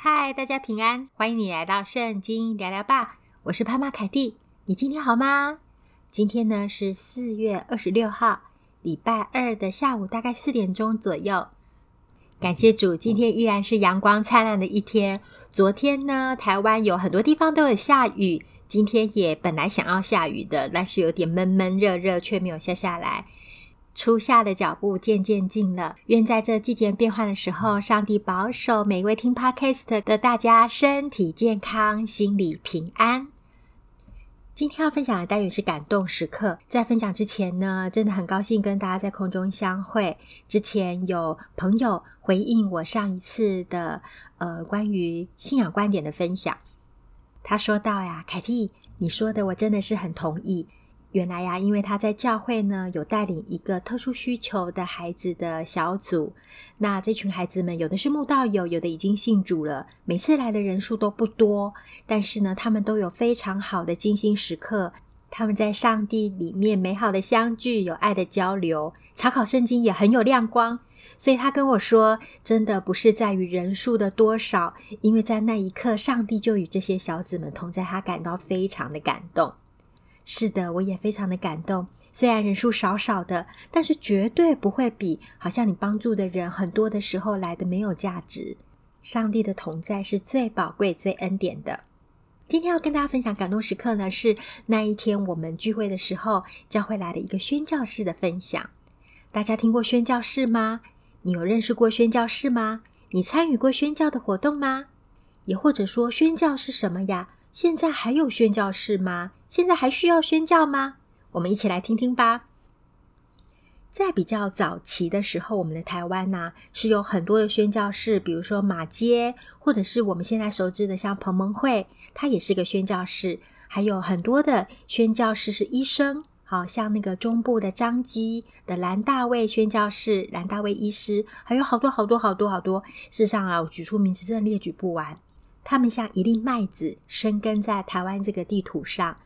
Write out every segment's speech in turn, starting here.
嗨，Hi，大家平安，歡迎你來到聖經聊聊吧，我是帕瑪凱蒂。你今天好嗎？今天呢是四月二十六號，禮拜二的下午大概四點鐘左右。感謝主，今天依然是陽光燦爛的一天。昨天呢，台灣有很多地方都有下雨，今天也本來想要下雨的，但是有點悶悶熱熱，熱，卻沒有下下來。初夏的腳步漸漸近了，願在這季節變換的時候，上帝保守每一位聽 Podcast 的大家身體健康、心理平安。今天要分享的單元是感動時刻。在分享之前呢，真的很高興跟大家在空中相會。之前有朋友回應我上一次的呃關於信仰觀點的分享，他說道呀，凱蒂，你說的我真的是很同意。原來呀、啊，因為他在教會呢，有帶領一個特殊需求的孩子的小組。那這群孩子們有的是慕道友，有的已經信主了。每次來的人數都不多，但是呢，他們都有非常好的精心時刻。他們在上帝裡面美好的相聚，有愛的交流，查考聖經也很有亮光。所以他跟我說，真的不是在於人數的多少，因為在那一刻，上帝就與這些小子們同在，他感到非常的感動。是的，我也非常的感動。雖然人數少少的，但是絕對不會比好像你幫助的人很多的時候來的沒有價值。上帝的同在是最寶貴、最恩典的。今天要跟大家分享感動時刻呢，是那一天我們聚會的時候，教會來了一個宣教士的分享。大家聽過宣教士嗎？你有認識過宣教士嗎？你參與過宣教的活動嗎？也或者說宣教是什麼呀？現在還有宣教士嗎？現在還需要宣教嗎？我們一起來聽聽吧。在比較早期的時候，我們的台灣吶、啊、是有很多的宣教士，比如說馬偕，或者是我們現在熟知的像彭蒙惠，他也是個宣教士，還有很多的宣教士是醫生，好、啊、像那個中部的彰基的蘭大衛宣教士，蘭大衛醫師，還有好多好多好多好多，事實上啊，我舉出名字真的列舉不完，他們像一粒麥子，生根在台灣這個地圖上。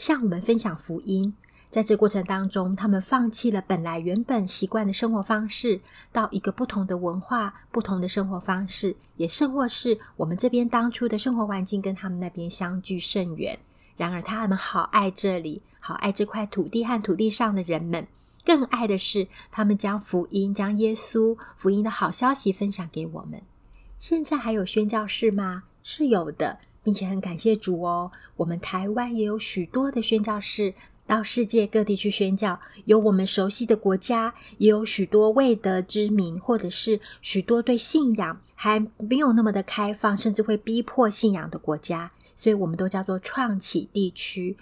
向我們分享福音，在這過程當中，他們放棄了本來原本習慣的生活方式，到一個不同的文化、不同的生活方式，也甚或是我們這邊當初的生活環境跟他們那邊相距甚遠。然而，他們好愛這裡，好愛這塊土地和土地上的人們，更愛的是他們將福音、將耶穌福音的好消息分享給我們。現在還有宣教士嗎？是有的。並且很感謝主哦，我們台灣也有許多的宣教士到世界各地去宣教，有我們熟悉的國家，也有許多未得之民，或者是許多對信仰還沒有那麼的開放，甚至會逼迫信仰的國家，所以我們都叫做創啟地區。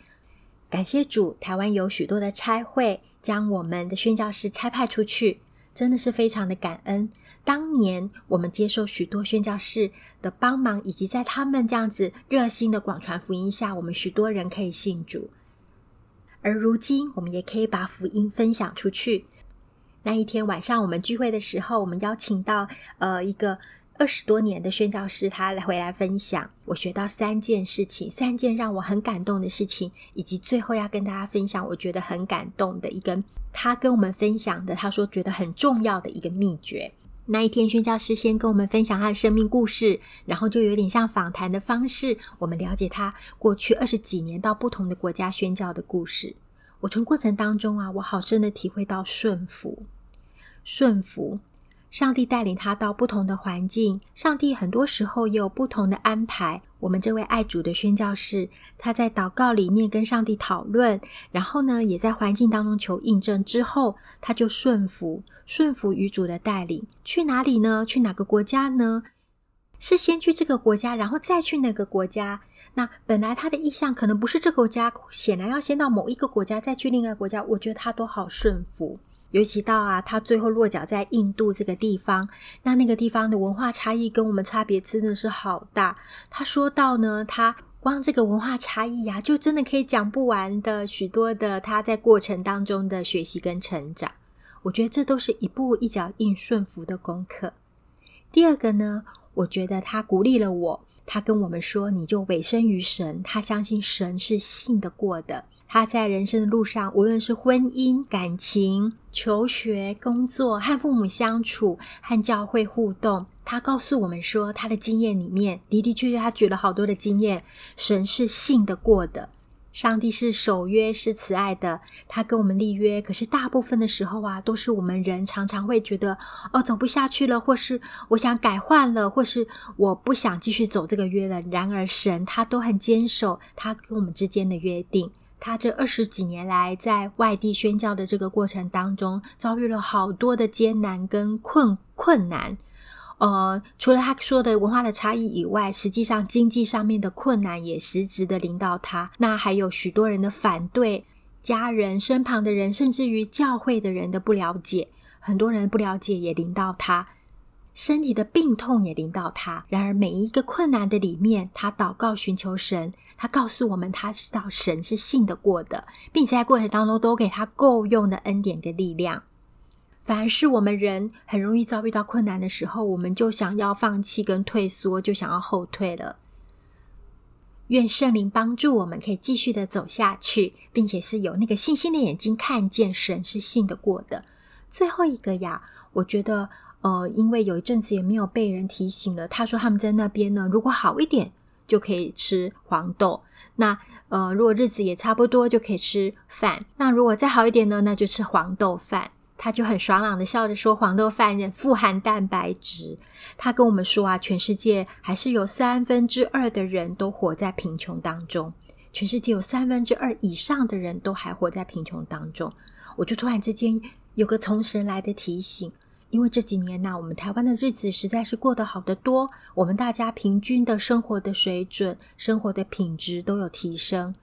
感謝主，台灣有許多的差會將我們的宣教士差派出去。真的是非常的感恩，當年我們接受許多宣教士的幫忙，以及在他們這樣子熱心的廣傳福音下，我們許多人可以信主。而如今，我們也可以把福音分享出去。那一天晚上，我們聚會的時候，我們邀請到呃一個。二十多年的宣教師，她來回來分享，我學到三件事情，三件讓我很感動的事情，以及最後要跟大家分享，我覺得很感動的一個，她跟我們分享的，她說覺得很重要的一個祕訣。那一天，宣教師先跟我們分享她的生命故事，然後就有點像訪談的方式，我們了解她過去二十幾年到不同的國家宣教的故事。我從過程當中啊，我好深的體會到順服，順服。上帝帶領他到不同的環境，上帝很多時候也有不同的安排。我們這位愛主的宣教士，他在禱告裡面跟上帝討論，然後呢，也在環境當中求印證。之後他就順服，順服於主的帶領。去哪裡呢？去哪個國家呢？是先去這個國家，然後再去哪個國家？那本來他的意向可能不是這個國家，顯然要先到某一個國家，再去另外一個國家。我覺得他多好順服。尤其到啊，他最後落腳在印度這個地方，那那個地方的文化差異跟我們差別真的是好大。他說到呢，他光這個文化差異呀，就真的可以講不完的許多的他在過程當中的學習跟成長。我覺得這都是一步一腳印順服的功課。第二個呢，我覺得他鼓勵了我，他跟我們說，你就委身於神，他相信神是信得過的。他在人生的路上，無論是婚姻、感情、求學、工作、和父母相處、和教會互動，他告訴我們說，他的經驗裡面的的確確，他舉了好多的經驗。神是信得過的，上帝是守約、是慈愛的。他跟我們立約，可是大部分的時候啊，都是我們人常常會覺得，哦，走不下去了，或是我想改換了，或是我不想繼續走這個約了。然而神，神他都很堅守他跟我們之間的約定。他這二十幾年來在外地宣教的這個過程當中，遭遇了好多的艱難跟困困難。呃，除了他說的文化的差異以外，實際上經濟上面的困難也實質的臨到他。那還有許多人的反對、家人身旁的人，甚至於教會的人的不了解，很多人不了解也臨到他。身體的病痛也臨到他，然而每一個困難的裡面，他禱告尋求神。他告訴我們，他知道神是信得過的，並且在過程當中都給他夠用的恩典跟力量。凡是我們人很容易遭遇到困難的時候，我們就想要放棄跟退縮，就想要後退了。願聖靈幫助我們，可以繼續的走下去，並且是有那個信心的眼睛看見神是信得過的。最後一個呀，我覺得。呃，因為有一陣子也沒有被人提醒了。他說他們在那邊呢，如果好一點就可以吃黃豆。那呃，如果日子也差不多就可以吃飯。那如果再好一點呢，那就吃黃豆飯。他就很爽朗地笑着說：“黃豆飯人富含蛋白質。”他跟我們說啊，全世界還是有三分之二的人都活在貧窮當中。全世界有三分之二以上的人都還活在貧窮當中。我就突然之間有個從神來的提醒。因為這幾年呢、啊，我們台灣的日子實在是過得好得多，我們大家平均的生活的水準、生活的品質都有提升。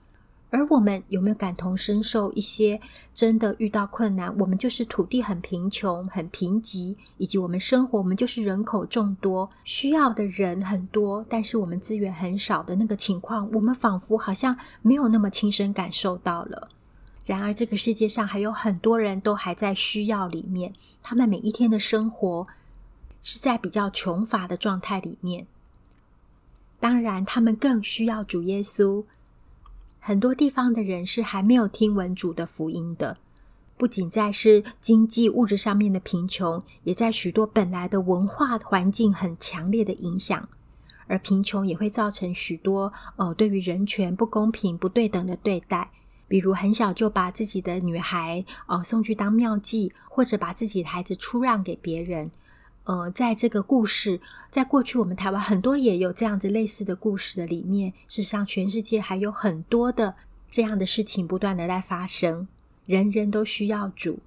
而我們有沒有感同身受一些真的遇到困難？我們就是土地很貧窮、很貧瘠，以及我們生活我們就是人口眾多，需要的人很多，但是我們資源很少的那個情況，我們仿佛好像沒有那麼親身感受到了。然而，這個世界上還有很多人都還在需要裡面，他們每一天的生活是在比較窮乏的狀態裡面。當然，他們更需要主耶穌。很多地方的人是還沒有聽聞主的福音的。不僅在是經濟物質上面的貧窮，也在許多本來的文化環境很強烈的影響。而貧窮也會造成許多呃、哦，對於人權不公平、不對等的對待。比如很小就把自己的女孩，哦、呃、送去當廟妓，或者把自己的孩子出讓給別人，呃，在這個故事，在過去我們台灣很多也有這樣子類似的故事的裡面，事實上全世界還有很多的這樣的事情不斷的在發生，人人都需要主。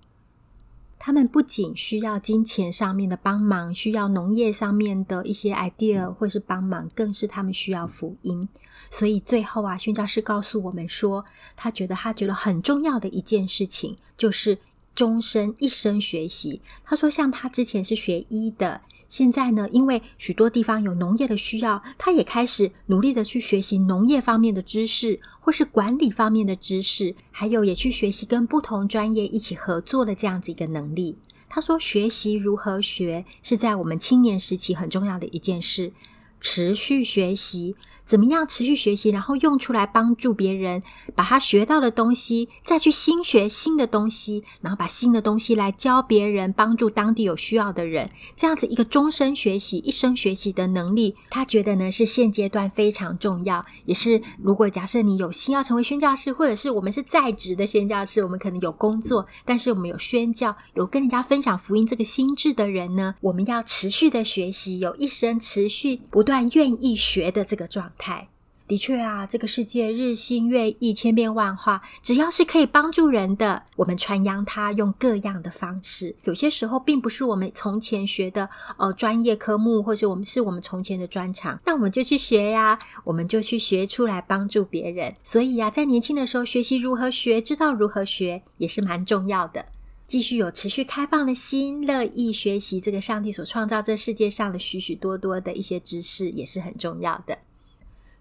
他們不僅需要金錢上面的幫忙，需要農業上面的一些 idea 或是幫忙，更是他們需要福音。所以最後啊，宣教士告訴我們說，他覺得他覺得很重要的一件事情就是。終身一生學習。他說，像他之前是學醫的，現在呢，因為許多地方有農業的需要，他也開始努力的去學習農業方面的知識，或是管理方面的知識，還有也去學習跟不同專業一起合作的這樣子一個能力。他說，學習如何學是在我們青年時期很重要的一件事。持續學習，怎麼樣持續學習？然後用出來幫助別人，把他學到的東西，再去新學新的東西，然後把新的東西來教別人，幫助當地有需要的人。這樣子一個終身學習、一生學習的能力，他覺得呢是現階段非常重要，也是如果假設你有心要成為宣教士，或者是我們是在職的宣教士，我們可能有工作，但是我們有宣教、有跟人家分享福音這個心智的人呢，我們要持續的學習，有一生持續不斷。願意學的這個狀態，的確啊，這個世界日新月異，千變萬化。只要是可以幫助人的，我們傳揚它，用各樣的方式。有些時候並不是我們從前學的，呃，專業科目，或者我們是我們從前的專長，那我們就去學呀、啊，我們就去學出來幫助別人。所以呀、啊，在年輕的時候學習如何學，知道如何學，也是蠻重要的。繼續有持續開放的心，樂意學習這個上帝所創造這世界上的許許多多的一些知識，也是很重要的。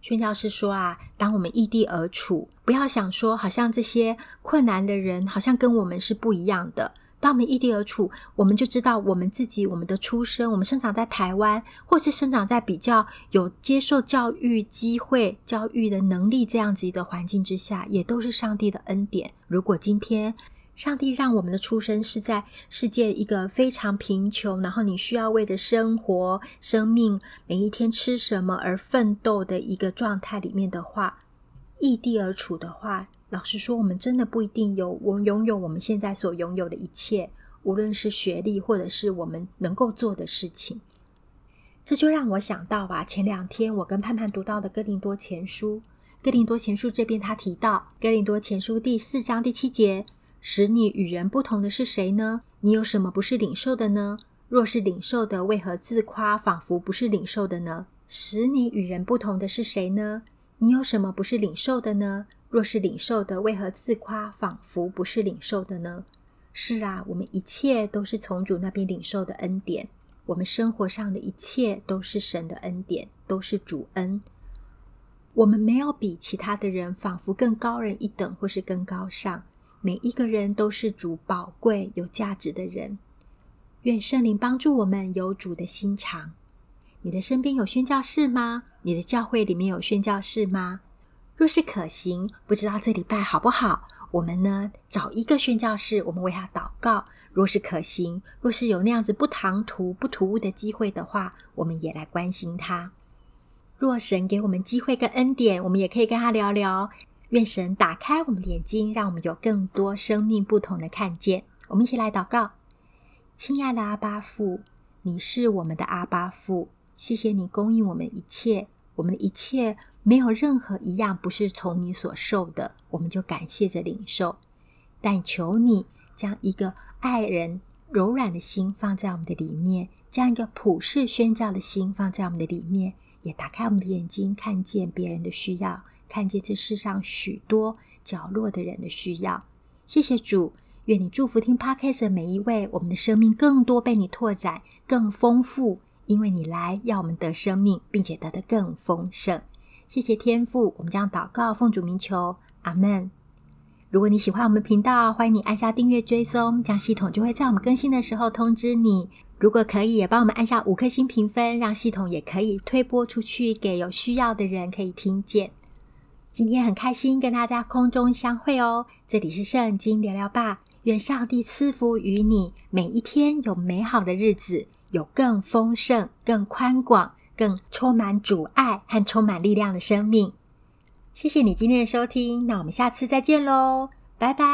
宣教士說啊，當我們異地而處，不要想說好像這些困難的人，好像跟我們是不一樣的。當我們異地而處，我們就知道我們自己、我們的出生、我們生長在台灣，或是生長在比較有接受教育機會、教育的能力這樣子一個環境之下，也都是上帝的恩典。如果今天，上帝讓我們的出生是在世界一個非常貧窮，然後你需要為着生活、生命每一天吃什麼而奮鬥的一個狀態裡面的話，易地而處的話，老實說，我們真的不一定有我們擁有我們現在所擁有的一切，無論是學歷或者是我們能夠做的事情。這就讓我想到吧，前兩天我跟盼盼讀到的《哥林多前書》，《哥林多前書》這邊他提到，《哥林多前書》第四章第七節。使你與人不同的是誰呢？你有什麼不是領受的呢？若是領受的，為何自誇，仿佛不是領受的呢？使你與人不同的是誰呢？你有什麼不是領受的呢？若是領受的，為何自誇，仿佛不是領受的呢？是啊，我們一切都是從主那邊領受的恩典，我們生活上的一切都是神的恩典，都是主恩。我們沒有比其他的人仿佛更高人一等，或是更高尚。每一個人都是主寶貴、有價值的人。願聖靈幫助我們有主的心腸。你的身邊有宣教士嗎？你的教會裡面有宣教士嗎？若是可行，不知道這禮拜好不好，我們呢，找一個宣教士，我們為他禱告。若是可行，若是有那樣子不唐突、不突兀的機會的話，我們也來關心他。若神給我們機會跟恩典，我們也可以跟他聊聊。願神打開我們的眼睛，讓我們有更多生命不同的看見。我們一起來禱告：親愛的阿爸父，你是我們的阿爸父，謝謝你供應我們一切。我們的一切沒有任何一樣不是從你所受的，我們就感謝着領受。但求你將一個愛人柔軟的心放在我們的裡面，將一個普世宣教的心放在我們的裡面，也打開我們的眼睛，看見別人的需要。看見這世上許多角落的人的需要，謝謝主，願你祝福聽 Podcast 的每一位，我們的生命更多被你拓展，更豐富，因為你來，要我們得生命，並且得得更豐盛。謝謝天父，我們將禱告奉主名求，阿門。如果你喜歡我們的頻道，歡迎你按下訂閱追蹤，這樣系統就會在我們更新的時候通知你。如果可以，也幫我們按下五顆星評分，讓系統也可以推播出去給有需要的人可以聽見。今天很開心跟大家空中相會哦，這裡是聖經聊聊吧，願上帝賜福予你，每一天有美好的日子，有更豐盛、更寬廣、更充滿主愛和充滿力量的生命。謝謝你今天的收聽，那我們下次再見嘍，拜拜。